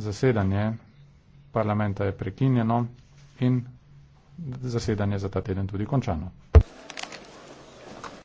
zasedanje parlamenta je prekinjeno in zasedanje za ta teden tudi končano.